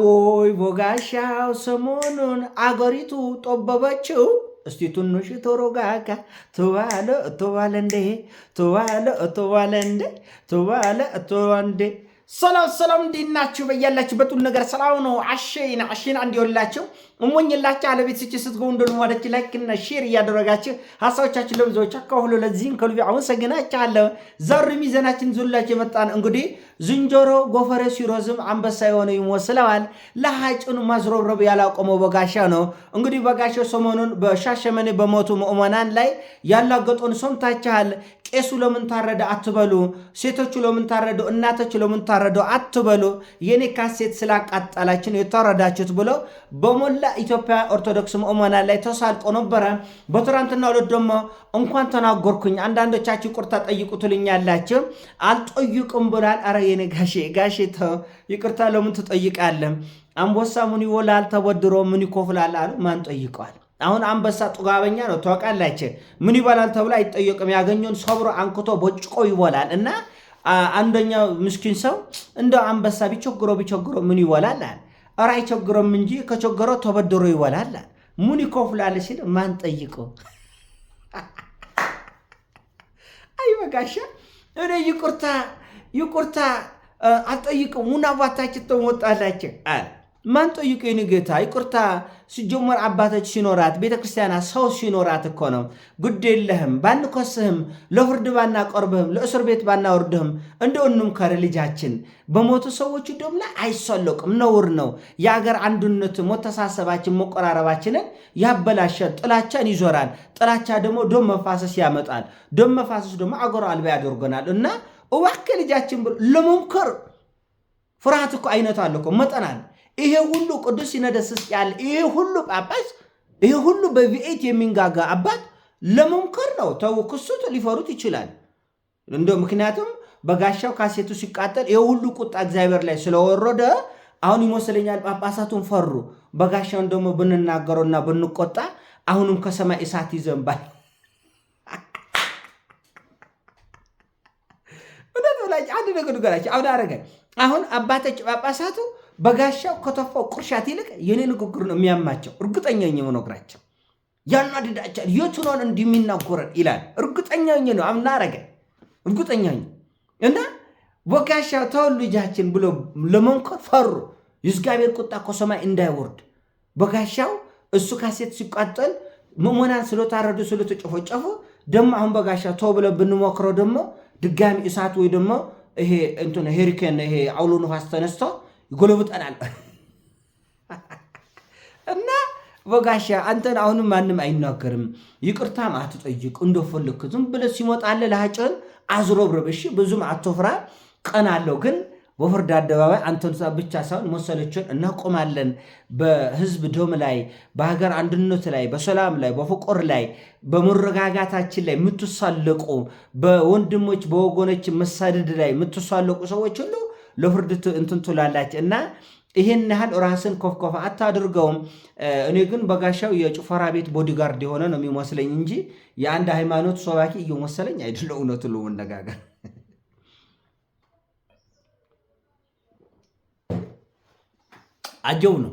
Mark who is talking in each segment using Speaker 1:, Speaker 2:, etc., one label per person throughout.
Speaker 1: ወይ ቦጋሻው ሰሞኑን አገሪቱ ጦበበችው እስቲ ትንሽ ተሮጋጋ ተባለ ተባለ እንዴ ተባለ ተባለ እንዴ ተባለ ተዋንዴ ሰላም ሰላም፣ እንዴት ናችሁ? በያላችሁበት ሁሉ ነገር ሰላም ነው። አሸይና አሸይና እንዲሆንላችሁ እሞኝላችሁ አለቤት ስች ስትጎ ላይክ ላይክና ሼር እያደረጋችሁ ሀሳቦቻችን ለብዙዎች አካሁሎ ለዚህም ከልቢ አመሰግናችኋለሁ። ዛሬ ሚዘናችን ዙላችሁ የመጣን እንግዲህ ዝንጀሮ ጎፈሬ ሲሮዝም አንበሳ የሆነ ይመስለዋል። ለሀጭን ማዝረብረብ ያላቆመው በጋሻ ነው። እንግዲህ በጋሻው ሰሞኑን በሻሸመኔ በሞቱ ምዕመናን ላይ ያላገጡን ሰምታችኋል። ቄሱ ለምን ታረደ አትበሉ፣ ሴቶቹ ለምን ታረዱ፣ እናቶች ለምን ታረዱ አትበሉ። የኔ ካሴት ስላቃጠላችን የተረዳችሁት ብሎ በሞላ ኢትዮጵያ ኦርቶዶክስ ምእመናን ላይ ተሳልቆ ነበረ። በትናንትና ሁለት ደግሞ እንኳን ተናገርኩኝ አንዳንዶቻችሁ ይቅርታ ጠይቁ ትልኛላችሁ። አልጠይቅም ብላል። አረ የኔ ጋሼ ጋሼ ይቅርታ ለምን ትጠይቃለህ? አንበሳ ምን ይወላል ተበድሮ ምን ይኮፍላል አሉ። ማን ጠይቀዋል? አሁን አንበሳ ጡጋበኛ ነው ታውቃላችሁ። ምን ይበላል ተብሎ አይጠየቅም። ያገኘውን ሰብሮ አንክቶ በጭቆ ይበላል እና አንደኛው ምስኪን ሰው እንደ አንበሳ ቢቸግሮ ቢቸግሮ ምን ይበላል አለ ኧረ አይቸግረም እንጂ ከቸገረው ተበድሮ ይበላል። ሙን ይከፍላል ሲል ማን ጠይቆ? አይ በጋሻ እኔ ይቁርታ ይቁርታ አልጠይቅም። ሙና ባታችን ተሞጣላችሁ ማን ጠይቀኝ ጌታ ይቁርታ። ሲጀመር አባቶች ሲኖራት ቤተ ክርስቲያና ሰው ሲኖራት እኮ ነው። ግድ የለህም ባንኮስህም፣ ለፍርድ ባናቆርብህም፣ ለእስር ቤት ባናወርድህም እንደ ከር ልጃችን። በሞቱ ሰዎቹ ደም ላይ አይሰለቅም፣ ነውር ነው። የአገር አንድነት መተሳሰባችን፣ መቆራረባችንን ያበላሻል። ጥላቻን ይዞራል። ጥላቻ ደግሞ ደም መፋሰስ ያመጣል። ደም መፋሰስ ደግሞ አገሮ አልባ ያደርጎናል። እና እባክህ ልጃችን ብሎ ለመምከር ፍርሃት እኮ አይነት አለ እኮ መጠናል ይሄ ሁሉ ቅዱስ ሲኖዶስ ያለ ይሄ ሁሉ ጳጳስ ይሄ ሁሉ በቪኤት የሚንጋጋ አባት ለመምከር ነው። ተው ክሱት ሊፈሩት ይችላል። እንደ ምክንያቱም በጋሻው ካሴቱ ሲቃጠል ይሄ ሁሉ ቁጣ እግዚአብሔር ላይ ስለወረደ አሁን ይመስለኛል ጳጳሳቱን ፈሩ። በጋሻውን ደግሞ ብንናገረውና ብንቆጣ አሁንም ከሰማይ እሳት ይዘንባል። እውነት አንድ ነገር ንገራቸው አሁን አረገ አሁን አባተች ጳጳሳቱ በጋሻው ከተፋው ቁርሻት ይልቅ የኔ ንግግር ነው የሚያማቸው። እርግጠኛ የምነግራቸው ያናድዳቸዋል። የቱኖን እንደሚናጎረን ይላል። እርግጠኛ ነው አምናረገ እርግጠኛ እና በጋሻው ተው ልጃችን ብሎ ለመንኮር ፈሩ። የእግዚአብሔር ቁጣ ከሰማይ እንዳይወርድ በጋሻው እሱ ካሴት ሲቃጠል ምእመናን ስለታረዱ ስለተጨፈጨፉ ደሞ አሁን በጋሻ ተው ብለ ብንሞክረው ደሞ ድጋሚ እሳት ወይ ደሞ ይሄ እንትን ሄሪኬን ይሄ አውሎ ነፋስ ተነስተው ይጎለብጠናል እና በጋሻ አንተን አሁንም ማንም አይናገርም፣ ይቅርታም አትጠይቅ። እንደፈለክ ዝም ብለ ሲሞጣለ ለሃጭን አዝሮብረብ። ብዙም አትፍራ፣ ቀን አለው ግን በፍርድ አደባባይ አንተን ብቻ ሳይሆን መሰለችን እናቆማለን። በህዝብ ደም ላይ፣ በሀገር አንድነት ላይ፣ በሰላም ላይ፣ በፍቅር ላይ፣ በመረጋጋታችን ላይ የምትሳለቁ በወንድሞች በወገኖች መሳደድ ላይ የምትሳለቁ ሰዎች ሁሉ ለፍርድ እንትን ትላላች እና ይህን ያህል ራስን ኮፍኮፍ አታድርገውም። እኔ ግን በጋሻው የጭፈራ ቤት ቦዲጋርድ የሆነ ነው የሚመስለኝ እንጂ የአንድ ሃይማኖት ሰባኪ እየመሰለኝ አይደለ። እውነቱን ለመነጋገር አጀው ነው።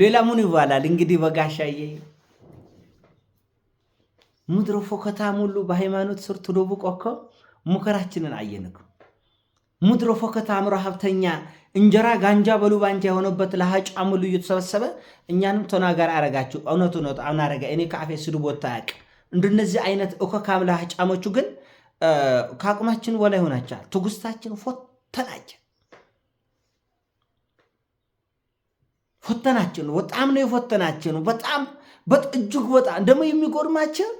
Speaker 1: ሌላ ምን ይባላል እንግዲህ በጋሻዬ ምድሮ ፎከታ ሙሉ በሃይማኖት ስር ትዶብቆ እኮ ሙከራችንን አየንክ ሙድሮ ፎከት አእምሮ ሀብተኛ እንጀራ ጋንጃ በሉባንጃ የሆነበት ለሀጭ አሙሉ እየተሰበሰበ እኛንም ተናጋሪ አረጋችሁ። እውነቱ እውነት አናረጋ እኔ ከአፌ ስድብ ወጥቶ አያውቅም። እንደነዚህ አይነት እኮካም ለሀጫሞቹ ግን ከአቅማችን በላይ ሆናችኋል። ትጉስታችን ፎተናቸ ፎተናችን በጣም ነው የፎተናችን። በጣም እጅግ በጣም ደግሞ የሚጎድማቸው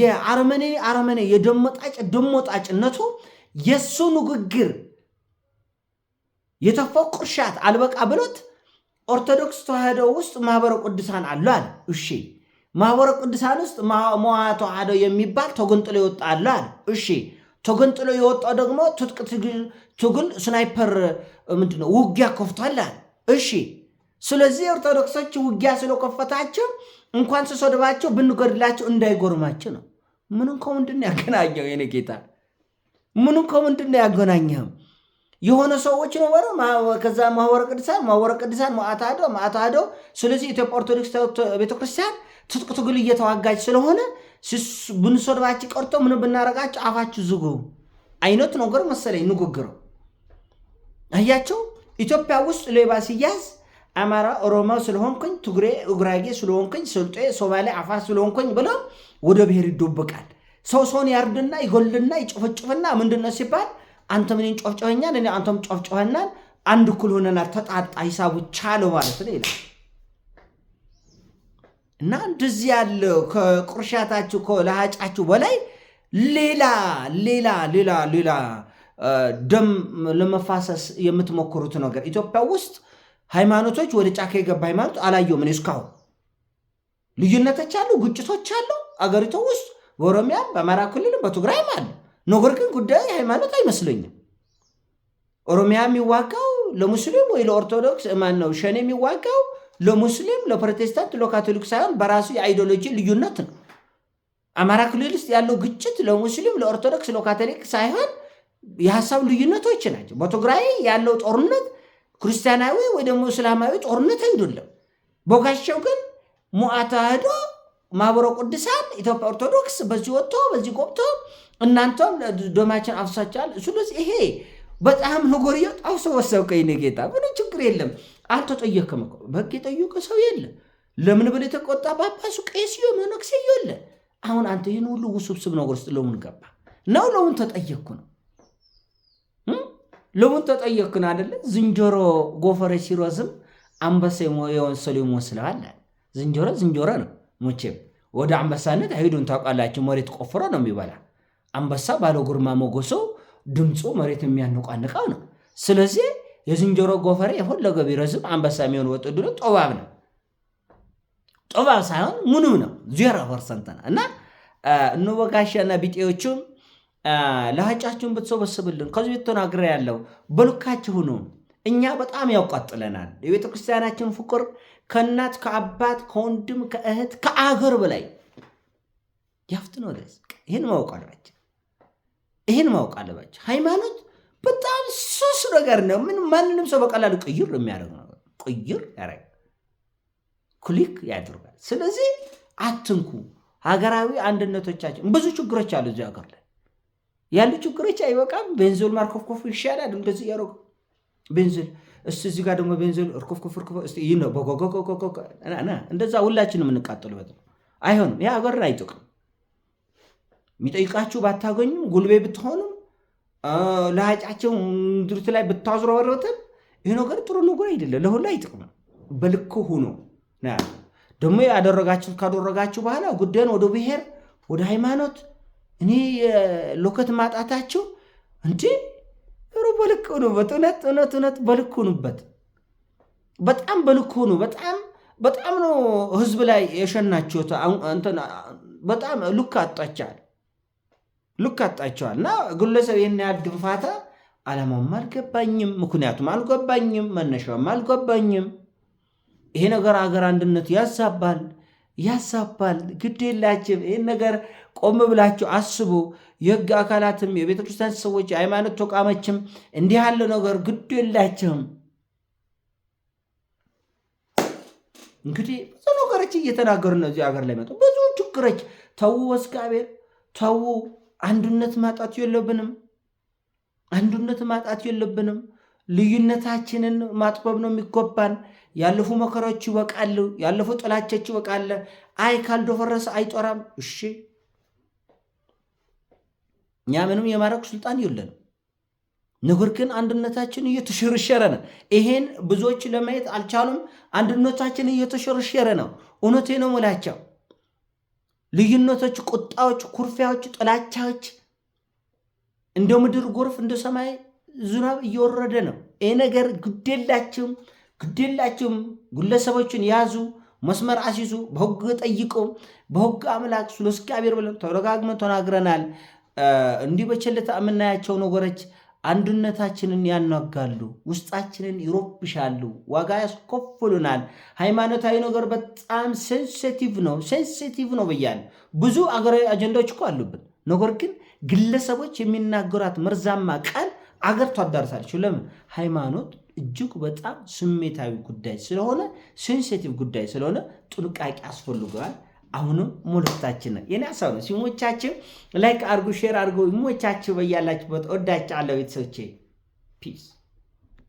Speaker 1: የአረመኔ አረመኔ የደሞጣጭ ደሞጣጭነቱ የእሱ ንግግር የተፋው ቁርሻት አልበቃ ብሎት ኦርቶዶክስ ተዋህዶ ውስጥ ማህበረ ቅዱሳን አሉ አለ። እሺ ማህበረ ቅዱሳን ውስጥ መዋ ተዋህዶ የሚባል ተጎንጥሎ የወጣ አለ አለ። እሺ ተጎንጥሎ የወጣው ደግሞ ትጥቅ ትግል ስናይፐር ምንድነው ውጊያ ከፍቷል አለ። እሺ ስለዚህ ኦርቶዶክሶች ውጊያ ስለከፈታቸው እንኳን ስሰድባቸው ብንገድላቸው እንዳይጎርማቸው ነው። ምንም ከምንድን ነው ያገናኘው? የኔ ጌታ ምንም ከምንድን ነው ያገናኘው? የሆነ ሰዎች ነበሩ። ከዛ ማህበረ ቅዱሳን ማህበረ ቅዱሳን ማአታዶ ማአታዶ። ስለዚህ ኢትዮጵያ ኦርቶዶክስ ቤተክርስቲያን ትጥቅ ትግል እየተዋጋች ስለሆነ ብንሰድባችሁ ቀርቶ ምን ብናረጋችሁ አፋችሁ ዝጉ አይነት ነገር መሰለኝ ንግግሩ። አያቸው ኢትዮጵያ ውስጥ ሌባ ሲያዝ አማራ፣ ኦሮማ ስለሆንኩኝ፣ ትግሬ፣ እጉራጌ ስለሆንኩኝ፣ ስልጤ፣ ሶማሌ፣ አፋ ስለሆንኩኝ ብለው ወደ ብሔር ይዶብቃል። ሰው ሰውን ያርድና ይጎልና ይጭፈጭፍና ምንድነው ሲባል አንተ ምን ጨፍጨፈኛል፣ እኔ አንተም ጨፍጨፈናል፣ አንድ እኩል ሆነናል፣ ተጣጣ፣ ሂሳቡ ቻለው ማለት ነው ይላል እና እንደዚህ ያለው ከቁርሻታችሁ ከለሃጫችሁ በላይ ሌላ ሌላ ሌላ ሌላ ደም ለመፋሰስ የምትሞክሩት ነገር ኢትዮጵያ ውስጥ ሃይማኖቶች ወደ ጫካ የገባ ሃይማኖት አላየሁም እኔ እስካሁን። ልዩነቶች አሉ፣ ግጭቶች አሉ አገሪቱ ውስጥ በኦሮሚያም በአማራ ክልልም በትግራይም አሉ። ነገር ግን ጉዳዩ ሃይማኖት አይመስለኝም። ኦሮሚያ የሚዋጋው ለሙስሊም ወይ ለኦርቶዶክስ እማን ነው? ሸኔ የሚዋጋው ለሙስሊም፣ ለፕሮቴስታንት፣ ለካቶሊክ ሳይሆን በራሱ የአይዲዮሎጂ ልዩነት ነው። አማራ ክልል ውስጥ ያለው ግጭት ለሙስሊም፣ ለኦርቶዶክስ፣ ለካቶሊክ ሳይሆን የሀሳብ ልዩነቶች ናቸው። በትግራይ ያለው ጦርነት ክርስቲያናዊ ወይ ደግሞ እስላማዊ ጦርነት አይደለም። ቦጋሻው ግን ሙአ ተዋህዶ ማህበረ ቅዱሳን ኢትዮጵያ ኦርቶዶክስ በዚህ ወጥቶ በዚህ ጎብቶ እናንተም ዶማችን አፍሳቻል። ስለዚህ ይሄ በጣም ንጎርዮ ጣውሶ ወሰብከኝ ነው ጌታ። ምን ችግር የለም አልተጠየቅክም እኮ በህግ የጠየቀ ሰው የለ። ለምን ብሎ የተቆጣ ጳጳሱ፣ ቄስዮ፣ መነኩሴ የለ። አሁን አንተ ይህን ሁሉ ውስብስብ ነገር ውስጥ ለምን ገባ ነው? ለምን ተጠየቅኩ ነው? ለምን ተጠየቅክን አደለ? ዝንጀሮ ጎፈረ ሲሮዝም አንበሳ የወንሰሉ ይመስለዋል። ዝንጀሮ ዝንጀሮ ነው። ሙቼም ወደ አንበሳነት አሂዱን ታውቃላችሁ። መሬት ቆፍሮ ነው የሚበላ አንበሳ ባለ ግርማ ሞገሱ ድምፁ መሬት የሚያነቃንቀው ነው። ስለዚህ የዝንጀሮ ጎፈሬ የፈለገ ቢረዝም አንበሳ የሚሆን ወጥ ድሎ ጦባብ ነው። ጦባብ ሳይሆን ምንም ነው፣ ዜሮ ፐርሰንት ነው። እና እንወጋሻና ቢጤዎቹም ለሀጫችሁን ብትሰበስብልን ከዚህ ተናግሬ ያለው በልካችሁ ነው። እኛ በጣም ያውቃጥለናል። የቤተ ክርስቲያናችን ፍቅር ከእናት ከአባት ከወንድም ከእህት ከአገር በላይ ያፍትኖ ይህን ማወቅ አለባቸው። ይህን ማወቅ አለባቸው። ሃይማኖት በጣም ሱስ ነገር ነው። ምን ማንንም ሰው በቀላሉ ቅይር የሚያደርግ ነው። ቅይር ያደርግ ኩሊክ ያደርጋል። ስለዚህ አትንኩ። ሀገራዊ አንድነቶቻችን ብዙ ችግሮች አሉ። እዚህ ሀገር ላይ ያሉ ችግሮች አይበቃም። ቤንዞል ማርኮፍኮፍ ይሻላል። እንደዚህ ያደረጉ ቤንዞል እስ እዚህ ጋር ደግሞ ቤንዞል እርኮፍኮፍ እርኮፍ ይህ ነው። እንደዛ ሁላችን እንቃጠልበት ነው። አይሆንም። ይህ ሀገርን አይጠቅም። የሚጠይቃችሁ ባታገኙም ጉልቤ ብትሆኑም ለሀጫቸው ምድሪቱ ላይ ብታዝረበረቡትም ይህ ነገር ጥሩ ነገር አይደለም፣ ለሁሉ አይጥቅም። በልክ ሁኖ ደግሞ ያደረጋችሁ ካደረጋችሁ በኋላ ጉዳዩን ወደ ብሔር ወደ ሃይማኖት እኔ ሎከት ማጣታችሁ እንዲ ሩ በልክ ሁኑበት። እውነት እውነት እውነት በልክ ሁኑበት። በጣም በልክ ሁኑ። በጣም በጣም ነው ህዝብ ላይ የሸናችሁት። በጣም ልክ አጣቻል። ልክ አጣቸዋል። እና ግለሰብ ይህን ያህል ድንፋታ ዓላማውም አልገባኝም፣ ምክንያቱም አልገባኝም፣ መነሻውም አልገባኝም። ይሄ ነገር ሀገር አንድነት ያሳባል ያሳባል። ግድ የላችም። ይህን ነገር ቆም ብላችሁ አስቡ። የህግ አካላትም የቤተ ክርስቲያን ሰዎች፣ የሃይማኖት ተቋሞችም እንዲህ ያለ ነገር ግድ የላችሁም። እንግዲህ ብዙ ነገሮች እየተናገሩ ነው። እዚህ ሀገር ላይ መጡ ብዙ ችግሮች። ተዉ ወስጋቤር ተዉ አንዱነት ማጣት የለብንም። አንዱነት ማጣት የለብንም። ልዩነታችንን ማጥበብ ነው የሚገባን። ያለፉ መከራዎች ይወቃሉ፣ ያለፉ ጥላቻዎች ይወቃለ። አይ ካልደፈረሰ አይጦራም። እሺ እኛ ምንም የማድረግ ስልጣን የለንም። ነገር ግን አንድነታችን እየተሸረሸረ ነው። ይሄን ብዙዎች ለማየት አልቻሉም። አንድነታችን እየተሸረሸረ ነው። እውነቴ ነው ሙላቸው። ልዩነቶች፣ ቁጣዎች፣ ኩርፊያዎች፣ ጥላቻዎች እንደ ምድር ጎርፍ እንደ ሰማይ ዝናብ እየወረደ ነው። ይህ ነገር ግዴላችሁም፣ ግዴላችሁም። ግለሰቦችን ያዙ፣ መስመር አስይዙ፣ በህግ ጠይቁ፣ በህግ አምላክ ስለ እግዚአብሔር ብለን ተደጋግመን ተናግረናል። እንዲህ በቸልታ የምናያቸው ነገሮች አንድነታችንን ያናጋሉ፣ ውስጣችንን ይሮብሻሉ፣ ዋጋ ያስከፍሉናል። ሃይማኖታዊ ነገር በጣም ሴንሲቲቭ ነው፣ ሴንሲቲቭ ነው ብያል። ብዙ አገራዊ አጀንዳዎች እኮ አሉብን። ነገር ግን ግለሰቦች የሚናገሯት መርዛማ ቃል አገር ታዳርሳለች። ለምን? ሃይማኖት እጅግ በጣም ስሜታዊ ጉዳይ ስለሆነ፣ ሴንሲቲቭ ጉዳይ ስለሆነ ጥንቃቄ አስፈልገዋል። አሁንም መልእክታችን ነው። የኔ ሀሳብ ነው። ሲሞቻችን ላይክ አርጉ፣ ሼር አድርጉ። ይሞቻችሁ በያላችሁበት። ወዳችኋለሁ ቤተሰቦቼ ፒስ